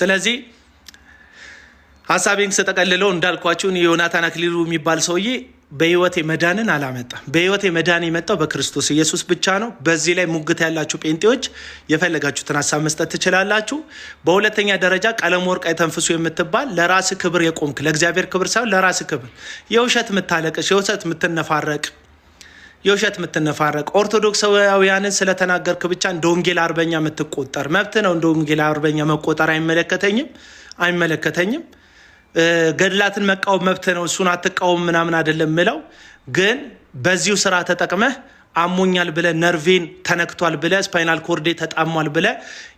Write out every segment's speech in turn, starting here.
ስለዚህ ሀሳቤን ስጠቀልለው እንዳልኳችሁን የዮናታን አክሊሉ የሚባል ሰውዬ በህይወት መዳንን አላመጣም። በህይወት መዳን የመጣው በክርስቶስ ኢየሱስ ብቻ ነው። በዚህ ላይ ሙግት ያላችሁ ጴንጤዎች የፈለጋችሁትን ሀሳብ መስጠት ትችላላችሁ። በሁለተኛ ደረጃ ቀለም ወርቅ የተንፍሱ የምትባል ለራስ ክብር የቆምክ ለእግዚአብሔር ክብር ሳይሆን ለራስ ክብር የውሸት የምታለቅሽ የውሸት የምትነፋረቅ የውሸት የምትነፋረቅ ኦርቶዶክሳውያንን ስለተናገርክ ብቻ እንደ ወንጌል አርበኛ የምትቆጠር መብት ነው። እንደ ወንጌል አርበኛ መቆጠር አይመለከተኝም አይመለከተኝም። ገድላትን መቃወም መብት ነው። እሱን አትቃወም ምናምን አይደለም ምለው። ግን በዚሁ ስራ ተጠቅመህ አሞኛል ብለ ነርቬን ተነክቷል ብለ ስፓይናል ኮርዴ ተጣሟል ብለ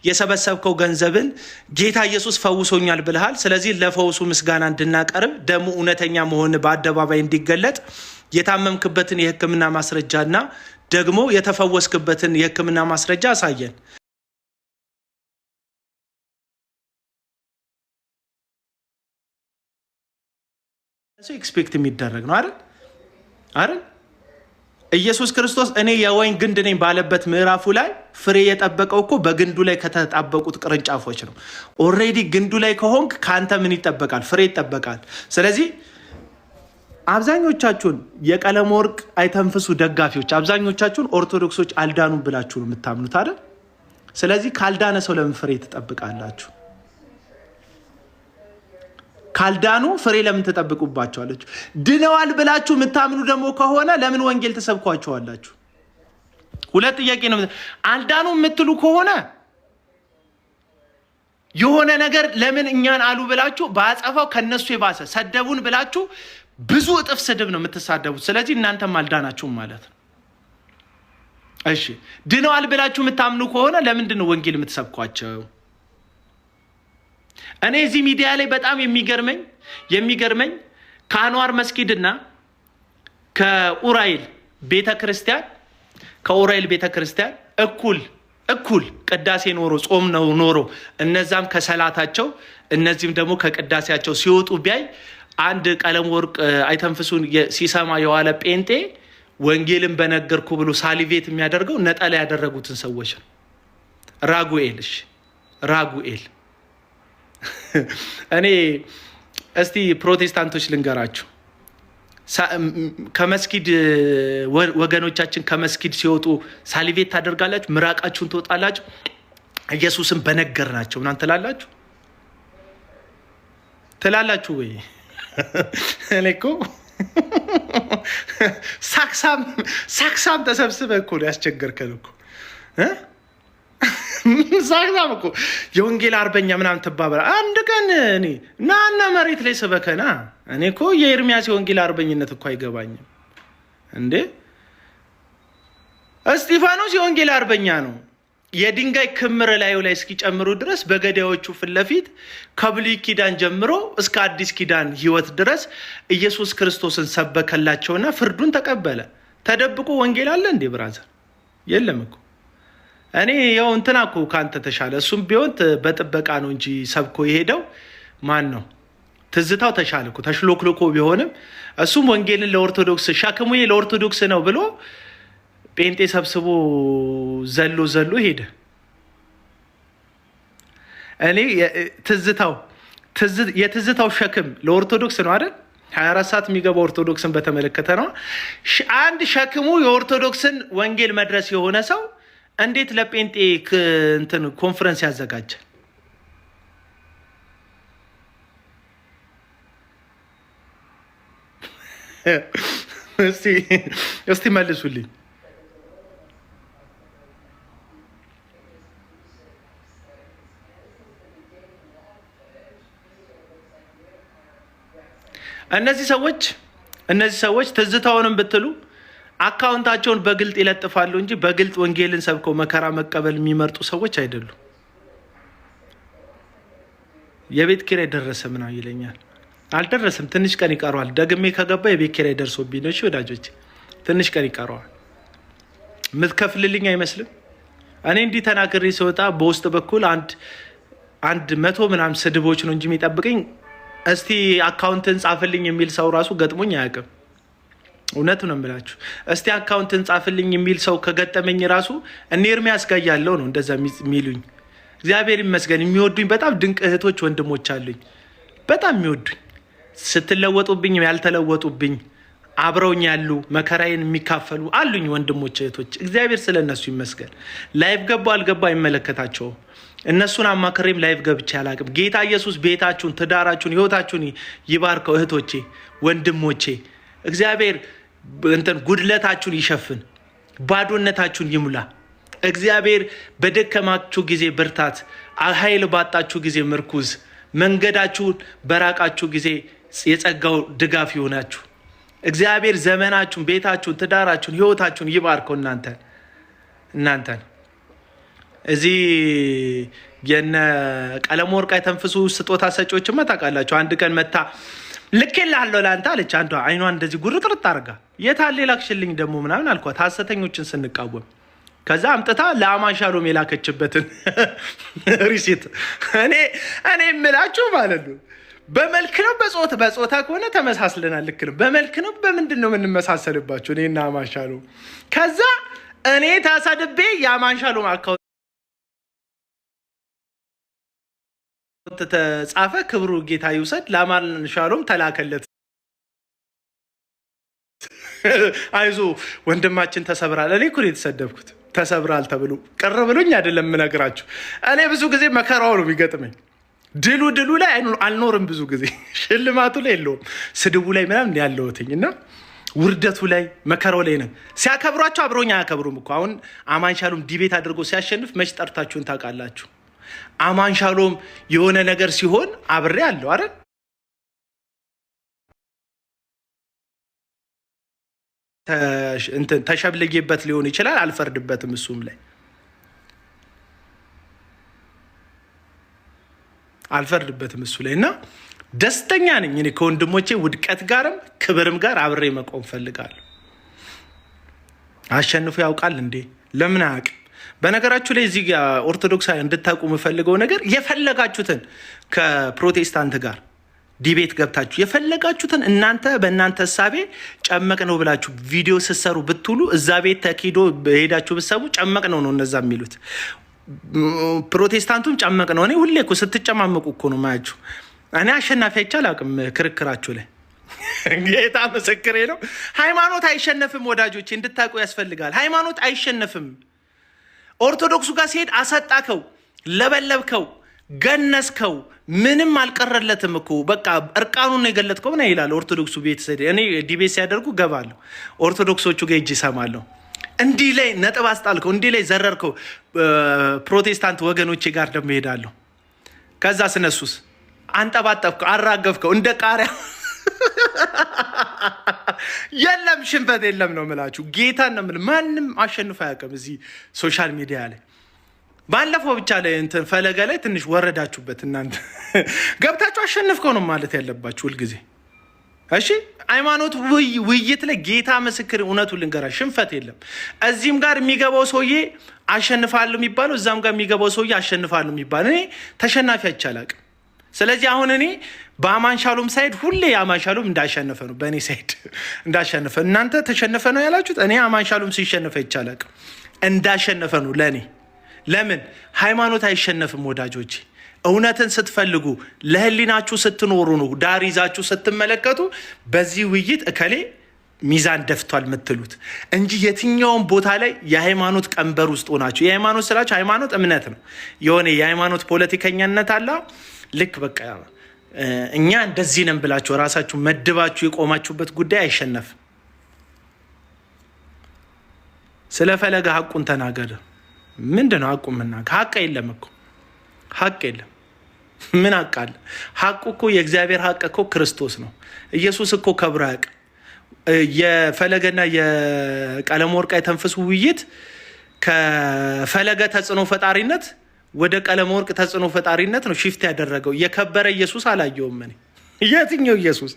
የሰበሰብከው ገንዘብን ጌታ ኢየሱስ ፈውሶኛል ብልሃል። ስለዚህ ለፈውሱ ምስጋና እንድናቀርብ ደግሞ እውነተኛ መሆን በአደባባይ እንዲገለጥ የታመምክበትን የህክምና ማስረጃ እና ደግሞ የተፈወስክበትን የህክምና ማስረጃ አሳየን። ኤክስፔክት የሚደረግ ነው አይደል አይደል? ኢየሱስ ክርስቶስ እኔ የወይን ግንድ ነኝ ባለበት ምዕራፉ ላይ ፍሬ የጠበቀው እኮ በግንዱ ላይ ከተጣበቁት ቅርንጫፎች ነው። ኦልሬዲ ግንዱ ላይ ከሆንክ ከአንተ ምን ይጠበቃል? ፍሬ ይጠበቃል። ስለዚህ አብዛኞቻችሁን የቀለም ወርቅ አይተንፍሱ ደጋፊዎች አብዛኞቻችሁን ኦርቶዶክሶች አልዳኑ ብላችሁ ነው የምታምኑት አይደል? ስለዚህ ካልዳነ ሰው ለምን ፍሬ ትጠብቃላችሁ? ካልዳኑ ፍሬ ለምን ትጠብቁባቸዋላችሁ? ድነዋል ብላችሁ የምታምኑ ደግሞ ከሆነ ለምን ወንጌል ትሰብኳቸዋላችሁ? ሁለት ጥያቄ ነው። አልዳኑ የምትሉ ከሆነ የሆነ ነገር ለምን እኛን አሉ ብላችሁ በአጸፋው ከነሱ የባሰ ሰደቡን ብላችሁ ብዙ እጥፍ ስድብ ነው የምትሳደቡት። ስለዚህ እናንተም አልዳናችሁም ማለት ነው። እሺ ድነዋል ብላችሁ የምታምኑ ከሆነ ለምንድን ነው ወንጌል የምትሰብኳቸው? እኔ እዚህ ሚዲያ ላይ በጣም የሚገርመኝ የሚገርመኝ ከአንዋር መስጊድና ከኡራኤል ቤተ ክርስቲያን ከኡራኤል ቤተ ክርስቲያን እኩል እኩል ቅዳሴ ኖሮ ጾም ነው ኖሮ እነዛም ከሰላታቸው እነዚህም ደግሞ ከቅዳሴያቸው ሲወጡ ቢያይ አንድ ቀለም ወርቅ አይተንፍሱን ሲሰማ የዋለ ጴንጤ ወንጌልን በነገርኩ ብሎ ሳሊቬት የሚያደርገው ነጠላ ያደረጉትን ሰዎች ነው። ራጉኤል እሺ፣ ራጉኤል እኔ እስቲ ፕሮቴስታንቶች ልንገራችሁ፣ ከመስጊድ ወገኖቻችን ከመስጊድ ሲወጡ ሳሊቬት ታደርጋላችሁ፣ ምራቃችሁን ትወጣላችሁ፣ ኢየሱስን በነገር ናቸው ምናምን ትላላችሁ ትላላችሁ ወይ? እኔ እኮ ሳክሳም ተሰብስበህ እኮ ነው ያስቸገርከን እኮ ሳክሳም እኮ የወንጌል አርበኛ ምናምን ትባበላ አንድ ቀን እኔ ናና መሬት ላይ ስበከና እኔ እኮ የኤርሚያስ የወንጌል አርበኝነት እኮ አይገባኝም እንዴ እስጢፋኖስ የወንጌል አርበኛ ነው የድንጋይ ክምር ላዩ ላይ እስኪጨምሩ ድረስ በገዳዮቹ ፊት ለፊት ከብሉይ ኪዳን ጀምሮ እስከ አዲስ ኪዳን ሕይወት ድረስ ኢየሱስ ክርስቶስን ሰበከላቸውና ፍርዱን ተቀበለ። ተደብቆ ወንጌል አለ እንዴ? ብራዘር የለም እኮ እኔ ያው እንትና እኮ ከአንተ ተሻለ። እሱም ቢሆን በጥበቃ ነው እንጂ ሰብኮ የሄደው ማን ነው? ትዝታው ተሻለ እኮ ቢሆንም እሱም ወንጌልን ለኦርቶዶክስ ሻክሙዬ ለኦርቶዶክስ ነው ብሎ ጴንጤ ሰብስቦ ዘሎ ዘሎ ሄደ። እኔ ትዝታው የትዝታው ሸክም ለኦርቶዶክስ ነው አይደል? 24 ሰዓት የሚገባ ኦርቶዶክስን በተመለከተ ነው። አንድ ሸክሙ የኦርቶዶክስን ወንጌል መድረስ የሆነ ሰው እንዴት ለጴንጤ እንትን ኮንፈረንስ ያዘጋጃል? እስቲ መልሱልኝ። እነዚህ ሰዎች እነዚህ ሰዎች ትዝታውንም ብትሉ አካውንታቸውን በግልጥ ይለጥፋሉ እንጂ በግልጥ ወንጌልን ሰብከው መከራ መቀበል የሚመርጡ ሰዎች አይደሉም። የቤት ኪራይ ደረሰ ምናምን ይለኛል። አልደረሰም፣ ትንሽ ቀን ይቀረዋል። ደግሜ ከገባ የቤት ኪራይ ደርሶብኝ ነው። ወዳጆች፣ ትንሽ ቀን ይቀረዋል። ምትከፍልልኝ አይመስልም። እኔ እንዲህ ተናግሬ ስወጣ በውስጥ በኩል አንድ አንድ መቶ ምናምን ስድቦች ነው እንጂ የሚጠብቀኝ እስቲ አካውንትን ጻፍልኝ የሚል ሰው ራሱ ገጥሞኝ አያውቅም። እውነት ነው የምላችሁ። እስቲ አካውንትን ጻፍልኝ የሚል ሰው ከገጠመኝ ራሱ እኔ እርሜ ጋር ያለው ነው እንደዛ የሚሉኝ። እግዚአብሔር ይመስገን የሚወዱኝ በጣም ድንቅ እህቶች ወንድሞች አሉኝ። በጣም የሚወዱኝ ስትለወጡብኝ ያልተለወጡብኝ አብረውኝ ያሉ መከራዬን የሚካፈሉ አሉኝ ወንድሞች እህቶች። እግዚአብሔር ስለነሱ ይመስገን። ላይፍ ገባ አልገባ አይመለከታቸውም። እነሱን አማክሬም ላይቭ ገብቼ አላቅም። ጌታ ኢየሱስ ቤታችሁን፣ ትዳራችሁን፣ ህይወታችሁን ይባርከው። እህቶቼ ወንድሞቼ፣ እግዚአብሔር እንትን ጉድለታችሁን ይሸፍን፣ ባዶነታችሁን ይሙላ። እግዚአብሔር በደከማችሁ ጊዜ ብርታት፣ ኃይል ባጣችሁ ጊዜ ምርኩዝ፣ መንገዳችሁን በራቃችሁ ጊዜ የጸጋው ድጋፍ ይሆናችሁ። እግዚአብሔር ዘመናችሁን፣ ቤታችሁን፣ ትዳራችሁን፣ ህይወታችሁን ይባርከው እናንተን እናንተን እዚህ የነ ቀለም ወርቅ የተንፍሱ ስጦታ ሰጪዎችማ ታውቃላችሁ። አንድ ቀን መታ ልኬልሃለሁ ለአንተ አለች አንዷ። አይኗ እንደዚህ ጉርጥርጥ አድርጋ የት አለ የላክሽልኝ ደግሞ ምናምን አልኳት፣ ሀሰተኞችን ስንቃወም። ከዛ አምጥታ ለአማሻሎም የላከችበትን ሪሲት እኔ እኔ የምላችሁ ማለት ነው በመልክ ነው በጾታ በጾታ ከሆነ ተመሳስለናል። ልክ ነው። በመልክ ነው በምንድን ነው የምንመሳሰልባቸው? እኔና አማሻሎ ከዛ እኔ ታሳድቤ የአማሻሎ አካውንት ተጻፈ ክብሩ ጌታ ይውሰድ። ለአማን ሻሎም ተላከለት። አይዞ ወንድማችን ተሰብራል። እኔ እኮ ነው የተሰደብኩት። ተሰብራል ተብሎ ቅር ብሎኝ አይደለም የምነግራችሁ። እኔ ብዙ ጊዜ መከራው ነው የሚገጥመኝ። ድሉ ድሉ ላይ አልኖርም። ብዙ ጊዜ ሽልማቱ ላይ የለውም፣ ስድቡ ላይ ምናምን ያለሁትኝ እና ውርደቱ ላይ መከራው ላይ ነው። ሲያከብሯቸው አብረኛ አያከብሩም እኮ አሁን አማን ሻሎም ዲቤት አድርጎ ሲያሸንፍ መች ጠርታችሁን ታውቃላችሁ? አማን ሻሎም የሆነ ነገር ሲሆን አብሬ አለው አይደል? ተሸብልጌበት ሊሆን ይችላል። አልፈርድበትም እሱም ላይ አልፈርድበትም እሱ ላይ እና ደስተኛ ነኝ እኔ ከወንድሞቼ ውድቀት ጋርም ክብርም ጋር አብሬ መቆም ፈልጋለሁ። አሸንፎ ያውቃል እንዴ? ለምን አያውቅም? በነገራችሁ ላይ እዚህ ኦርቶዶክስ እንድታውቁ የምፈልገው ነገር የፈለጋችሁትን ከፕሮቴስታንት ጋር ዲቤት ገብታችሁ የፈለጋችሁትን እናንተ በእናንተ እሳቤ ጨመቅ ነው ብላችሁ ቪዲዮ ስትሰሩ ብትውሉ እዛ ቤት ተኪዶ ሄዳችሁ ብትሰቡ ጨመቅ ነው ነው እነዛ የሚሉት። ፕሮቴስታንቱም ጨመቅ ነው። እኔ ሁሌ እኮ ስትጨማመቁ እኮ ነው ማያችሁ። እኔ አሸናፊ አይቼ አላውቅም ክርክራችሁ ላይ ጌታ ምስክሬ ነው። ሃይማኖት አይሸነፍም ወዳጆች እንድታውቁ ያስፈልጋል። ሃይማኖት አይሸነፍም። ኦርቶዶክሱ ጋር ሲሄድ አሰጣከው፣ ለበለብከው፣ ገነስከው፣ ምንም አልቀረለትም እኮ በቃ እርቃኑን ነው የገለጥከው ምናምን ይላል ኦርቶዶክሱ ቤተሰብ። እኔ ዲቤት ሲያደርጉ ገባለሁ ኦርቶዶክሶቹ ጋር እጅ ይሰማለሁ። እንዲህ ላይ ነጥብ አስጣልከው፣ እንዲህ ላይ ዘረርከው። ፕሮቴስታንት ወገኖቼ ጋር ደሞ ይሄዳለሁ። ከዛ ስነሱስ አንጠባጠብከው፣ አራገፍከው እንደ ቃሪያ የለም ሽንፈት የለም ነው የምላችሁ። ጌታ ነው የምልህ። ማንም አሸንፎ አያውቅም እዚህ ሶሻል ሚዲያ ላይ። ባለፈው ብቻ ላይ እንትን ፈለገ ላይ ትንሽ ወረዳችሁበት እናንተ ገብታችሁ አሸንፍከው ነው ማለት ያለባችሁ ሁልጊዜ። እሺ ሃይማኖት ውይይት ላይ ጌታ ምስክር፣ እውነቱን ልንገራ ሽንፈት የለም። እዚህም ጋር የሚገባው ሰውዬ አሸንፋለሁ የሚባለው እዛም ጋር የሚገባው ሰውዬ አሸንፋለሁ የሚባለው እኔ ተሸናፊ አይቻል አቅም ስለዚህ አሁን እኔ በአማን ሻሎም ሳይድ ሁሌ የአማን ሻሎም እንዳሸነፈ ነው፣ በእኔ ሳይድ እንዳሸነፈ። እናንተ ተሸነፈ ነው ያላችሁት፣ እኔ አማን ሻሎም ሲሸነፈ ይቻላል እንዳሸነፈ ነው ለእኔ። ለምን ሃይማኖት አይሸነፍም ወዳጆች እውነትን ስትፈልጉ ለህሊናችሁ ስትኖሩ ነው ዳር ይዛችሁ ስትመለከቱ በዚህ ውይይት እከሌ ሚዛን ደፍቷል የምትሉት እንጂ የትኛውም ቦታ ላይ የሃይማኖት ቀንበር ውስጥ ሆናችሁ የሃይማኖት ስላችሁ ሃይማኖት እምነት ነው የሆነ የሃይማኖት ፖለቲከኛነት አላ ልክ በቃ እኛ እንደዚህ ነን ብላችሁ ራሳችሁ መድባችሁ የቆማችሁበት ጉዳይ አይሸነፍም። ስለ ፈለገ ሀቁን ተናገር። ምንድን ነው ሀቁ? የምናገር ሀቅ የለም እኮ ሀቅ የለም። ምን ሀቅ አለ? ሀቁ እኮ የእግዚአብሔር ሀቅ እኮ ክርስቶስ ነው። ኢየሱስ እኮ ከብሮ ያቅ የፈለገና የቀለም ወርቃ የተንፈሱ ውይይት ከፈለገ ተጽዕኖ ፈጣሪነት ወደ ቀለመ ወርቅ ተጽዕኖ ፈጣሪነት ነው ሽፍት ያደረገው። የከበረ ኢየሱስ አላየውም እኔ። የትኛው ኢየሱስ?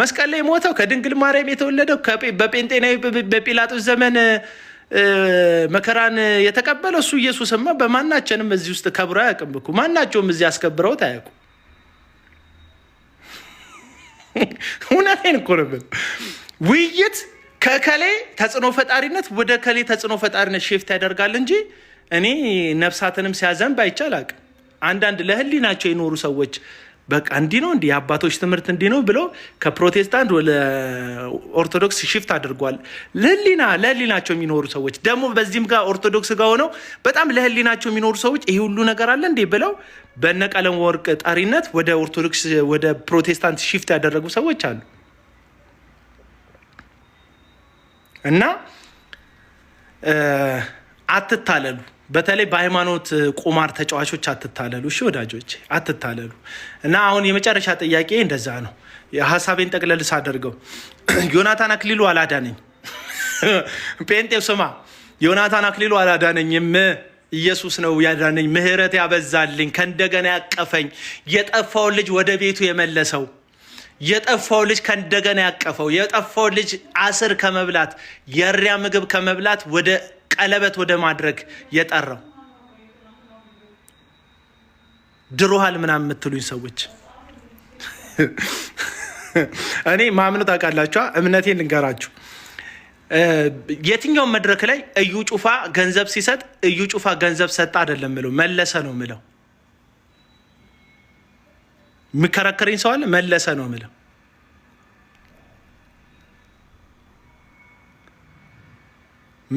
መስቀል ላይ ሞተው ከድንግል ማርያም የተወለደው በጴንጤና በጲላጦስ ዘመን መከራን የተቀበለው እሱ ኢየሱስማ በማናቸንም እዚህ ውስጥ ከብሮ አያውቅም እኮ። ማናቸውም እዚህ አስከብረውት አያውቁም። እውነቴን እኮ ውይይት ከከሌ ተጽዕኖ ፈጣሪነት ወደ ከሌ ተጽዕኖ ፈጣሪነት ሽፍት ያደርጋል እንጂ እኔ ነፍሳትንም ሲያዘንብ አይቻል አቅ አንዳንድ ለህሊናቸው የኖሩ ሰዎች በቃ እንዲህ ነው እንዲህ የአባቶች ትምህርት እንዲህ ነው ብሎ ከፕሮቴስታንት ወደ ኦርቶዶክስ ሽፍት አድርጓል። ለህሊና ለህሊናቸው የሚኖሩ ሰዎች ደግሞ በዚህም ጋር ኦርቶዶክስ ጋር ሆነው በጣም ለህሊናቸው የሚኖሩ ሰዎች ይህ ሁሉ ነገር አለ እንዴ ብለው ቀለም ወርቅ ጠሪነት ወደ ኦርቶዶክስ ወደ ፕሮቴስታንት ሽፍት ያደረጉ ሰዎች አሉ እና አትታለሉ። በተለይ በሃይማኖት ቁማር ተጫዋቾች አትታለሉ። እሺ ወዳጆች አትታለሉ። እና አሁን የመጨረሻ ጥያቄ እንደዛ ነው። ሀሳቤን ጠቅለል ሳደርገው ዮናታን አክሊሉ አላዳነኝ። ጴንጤው ስማ፣ ዮናታን አክሊሉ አላዳነኝም። ኢየሱስ ነው ያዳነኝ፣ ምህረት ያበዛልኝ፣ ከእንደገና ያቀፈኝ፣ የጠፋውን ልጅ ወደ ቤቱ የመለሰው የጠፋው ልጅ ከእንደገና ያቀፈው የጠፋው ልጅ አስር ከመብላት የእሪያ ምግብ ከመብላት ወደ ቀለበት ወደ ማድረግ የጠራው ድሮሃል ምናምን የምትሉኝ ሰዎች እኔ ማምኑ ታውቃላችኋ። እምነቴን ልንገራችሁ። የትኛውን መድረክ ላይ እዩ ጩፋ ገንዘብ ሲሰጥ እዩ ጩፋ ገንዘብ ሰጠ አይደለም ምለው መለሰ ነው ምለው። የሚከራከረኝ ሰው አለ? መለሰ ነው ምለው።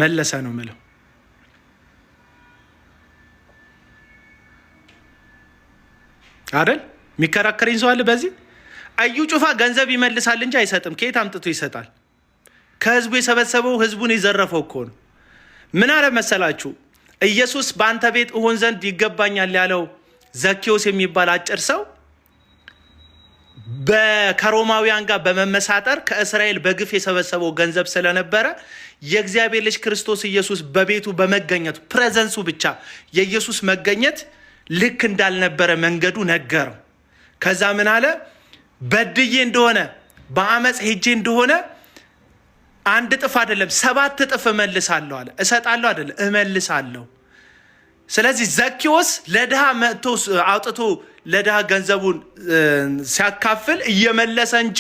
መለሰ ነው ምለው። አይደል የሚከራከረኝ ሰው አለ? በዚህ አዩ ጩፋ ገንዘብ ይመልሳል እንጂ አይሰጥም። ከየት አምጥቶ ይሰጣል? ከህዝቡ የሰበሰበው ህዝቡን የዘረፈው እኮ ነው። ምን አለ መሰላችሁ ኢየሱስ በአንተ ቤት እሆን ዘንድ ይገባኛል ያለው ዘኬዎስ የሚባል አጭር ሰው ከሮማውያን ጋር በመመሳጠር ከእስራኤል በግፍ የሰበሰበው ገንዘብ ስለነበረ የእግዚአብሔር ልጅ ክርስቶስ ኢየሱስ በቤቱ በመገኘቱ ፕሬዘንሱ ብቻ የኢየሱስ መገኘት ልክ እንዳልነበረ መንገዱ ነገረው። ከዛ ምን አለ? በድዬ እንደሆነ በአመፅ ሄጄ እንደሆነ አንድ እጥፍ አይደለም ሰባት እጥፍ እመልሳለሁ አለ። እሰጣለሁ አይደለም እመልሳለሁ። ስለዚህ ዘኪዎስ ለድሃ መጥቶ አውጥቶ ለድሃ ገንዘቡን ሲያካፍል እየመለሰ እንጂ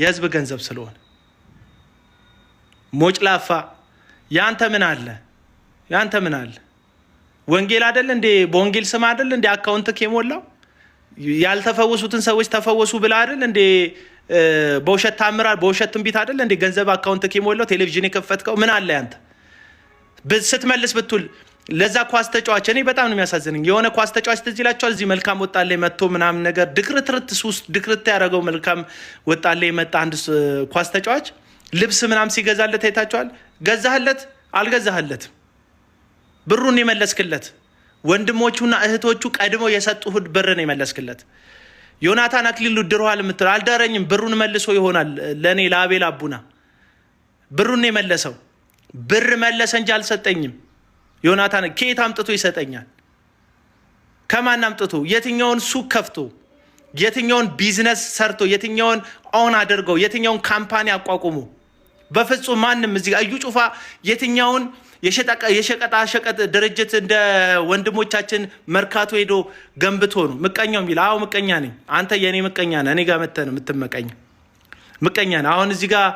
የህዝብ ገንዘብ ስለሆነ ሞጭ ላፋ ያንተ ምን አለ? ያንተ ምን አለ? ወንጌል አደል እንዴ? በወንጌል ስም አደል እንዴ አካውንትክ የሞላው? ያልተፈወሱትን ሰዎች ተፈወሱ ብላ አደል እንዴ? በውሸት ታምራል፣ በውሸት ትንቢት አደል እንዴ ገንዘብ አካውንትክ የሞላው? ቴሌቪዥን የከፈትከው ምን አለ ያንተ? ስትመልስ ብትውል ለዛ ኳስ ተጫዋች እኔ በጣም ነው የሚያሳዝንኝ። የሆነ ኳስ ተጫዋች ትዝ ይላቸዋል። እዚህ መልካም ወጣላ መጥቶ ምናምን ነገር ድክርትርት ውስጥ ድክርት ያደረገው መልካም ወጣላ መጣ አንድ ኳስ ተጫዋች ልብስ ምናምን ሲገዛለት አይታቸዋል። ገዛህለት አልገዛህለት፣ ብሩን የመለስክለት ወንድሞቹና እህቶቹ ቀድሞ የሰጡህን ብር ነው የመለስክለት። ዮናታን አክሊሉ ድሮሃል የምትለው አልዳረኝም፣ ብሩን መልሶ ይሆናል ለእኔ ለአቤል አቡና ብሩን የመለሰው ብር መለሰ እንጂ አልሰጠኝም። ዮናታን ከየት አምጥቶ ይሰጠኛል? ከማን አምጥቶ የትኛውን ሱቅ ከፍቶ የትኛውን ቢዝነስ ሰርቶ የትኛውን ኦን አድርገው የትኛውን ካምፓኒ አቋቁሞ በፍጹም ማንም እዚህ እዩ ጩፋ የትኛውን የሸቀጣ ሸቀጥ ድርጅት እንደ ወንድሞቻችን መርካቶ ሄዶ ገንብቶ ነው ምቀኛው የሚል አዎ ምቀኛ ነኝ አንተ የእኔ ምቀኛ ነህ እኔ ጋር መተህ ነው የምትመቀኝ ምቀኛ ነህ አሁን እዚህ ጋር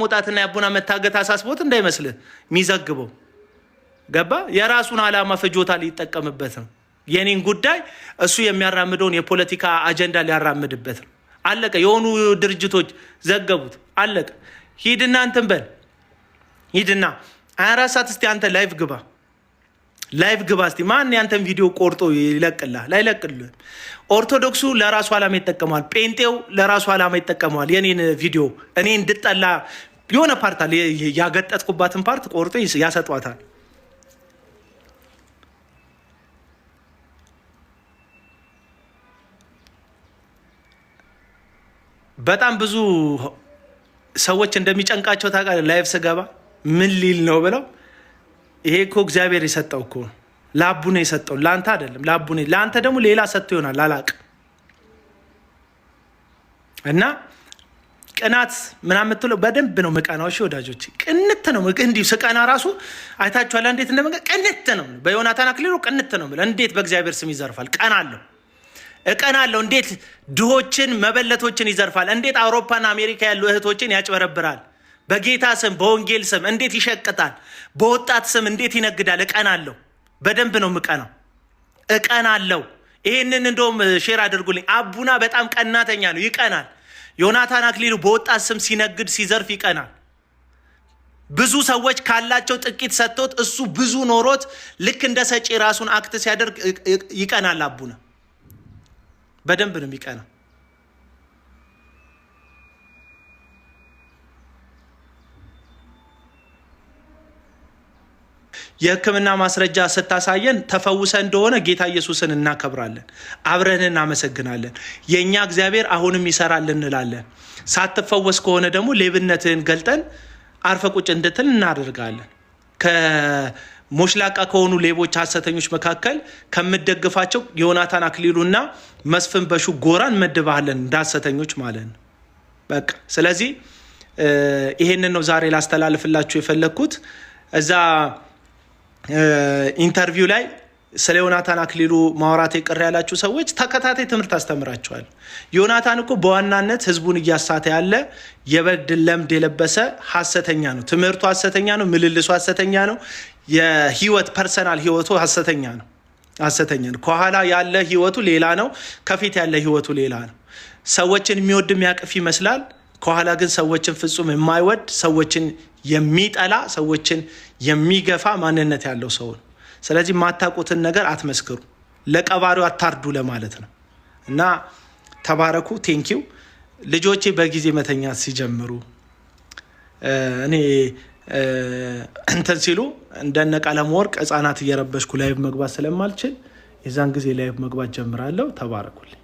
መውጣትና ያቡና መታገት አሳስቦት እንዳይመስልህ የሚዘግበው ገባ። የራሱን ዓላማ ፍጆታ ሊጠቀምበት ነው። የኔን ጉዳይ እሱ የሚያራምደውን የፖለቲካ አጀንዳ ሊያራምድበት ነው። አለቀ። የሆኑ ድርጅቶች ዘገቡት። አለቀ። ሂድና እንትን በል ሂድና 24 ሰዓት እስቲ አንተ ላይቭ ግባ ላይቭ ግባ እስኪ። ማን ያንተን ቪዲዮ ቆርጦ ይለቅላ ላይለቅል ኦርቶዶክሱ ለራሱ ዓላማ ይጠቀመዋል። ጴንጤው ለራሱ ዓላማ ይጠቀመዋል። የኔን ቪዲዮ እኔ እንድጠላ የሆነ ፓርት አለ። ያገጠጥኩባትን ፓርት ቆርጦ ያሰጧታል። በጣም ብዙ ሰዎች እንደሚጨንቃቸው ታውቃለህ። ላይቭ ስገባ ምን ሊል ነው ብለው ይሄ እኮ እግዚአብሔር የሰጠው እኮ ለአቡ ነው የሰጠው፣ ለአንተ አይደለም። ለአቡ ነው። ለአንተ ደግሞ ሌላ ሰጥቶ ይሆናል አላቅም። እና ቅናት ምናምን የምትለው በደንብ ነው መቀናው። እሺ ወዳጆች፣ ቅንት ነው እንዲሁ ስቀና ራሱ አይታችኋል፣ እንዴት እንደመንገ ቅንት ነው። በዮናታን አክሊሉ ቅንት ነው። እንዴት በእግዚአብሔር ስም ይዘርፋል? ቀናለሁ፣ እቀናለሁ። እንዴት ድሆችን መበለቶችን ይዘርፋል? እንዴት አውሮፓና አሜሪካ ያሉ እህቶችን ያጭበረብራል? በጌታ ስም በወንጌል ስም እንዴት ይሸቅጣል? በወጣት ስም እንዴት ይነግዳል? እቀናለሁ። በደንብ ነው የምቀናው፣ እቀናለሁ። ይህንን እንደውም ሼር አድርጉልኝ። አቡና በጣም ቀናተኛ ነው፣ ይቀናል። ዮናታን አክሊሉ በወጣት ስም ሲነግድ ሲዘርፍ ይቀናል። ብዙ ሰዎች ካላቸው ጥቂት ሰጥቶት እሱ ብዙ ኖሮት ልክ እንደ ሰጪ ራሱን አክት ሲያደርግ ይቀናል። አቡነ በደንብ ነው የሚቀናው። የሕክምና ማስረጃ ስታሳየን ተፈውሰ እንደሆነ ጌታ ኢየሱስን እናከብራለን፣ አብረን እናመሰግናለን። የእኛ እግዚአብሔር አሁንም ይሰራል እንላለን። ሳትፈወስ ከሆነ ደግሞ ሌብነትህን ገልጠን አርፈ ቁጭ እንድትል እናደርጋለን። ከሞሽላቃ ከሆኑ ሌቦች፣ ሀሰተኞች መካከል ከምደግፋቸው ዮናታን አክሊሉና መስፍን በሹ ጎራን መድባለን እንደ ሀሰተኞች ማለት ነው። በቃ ስለዚህ ይሄንን ነው ዛሬ ላስተላልፍላችሁ የፈለግኩት እዛ ኢንተርቪው ላይ ስለ ዮናታን አክሊሉ ማውራት የቅር ያላችሁ ሰዎች ተከታታይ ትምህርት አስተምራችኋል። ዮናታን እኮ በዋናነት ህዝቡን እያሳተ ያለ የበድን ለምድ የለበሰ ሀሰተኛ ነው። ትምህርቱ ሀሰተኛ ነው። ምልልሱ ሀሰተኛ ነው። የህይወት ፐርሰናል ህይወቱ ሀሰተኛ ነው። ሀሰተኛ ነው። ከኋላ ያለ ህይወቱ ሌላ ነው። ከፊት ያለ ህይወቱ ሌላ ነው። ሰዎችን የሚወድ የሚያቅፍ ይመስላል። ከኋላ ግን ሰዎችን ፍጹም የማይወድ ሰዎችን የሚጠላ ሰዎችን የሚገፋ ማንነት ያለው ሰው ነው። ስለዚህ የማታውቁትን ነገር አትመስክሩ፣ ለቀባሪው አታርዱ ለማለት ነው እና ተባረኩ። ቴንኪው። ልጆቼ በጊዜ መተኛት ሲጀምሩ እኔ እንትን ሲሉ እንደነ ቀለም ወርቅ ህጻናት እየረበሽኩ ላይቭ መግባት ስለማልችል የዛን ጊዜ ላይቭ መግባት ጀምራለሁ። ተባረኩልኝ።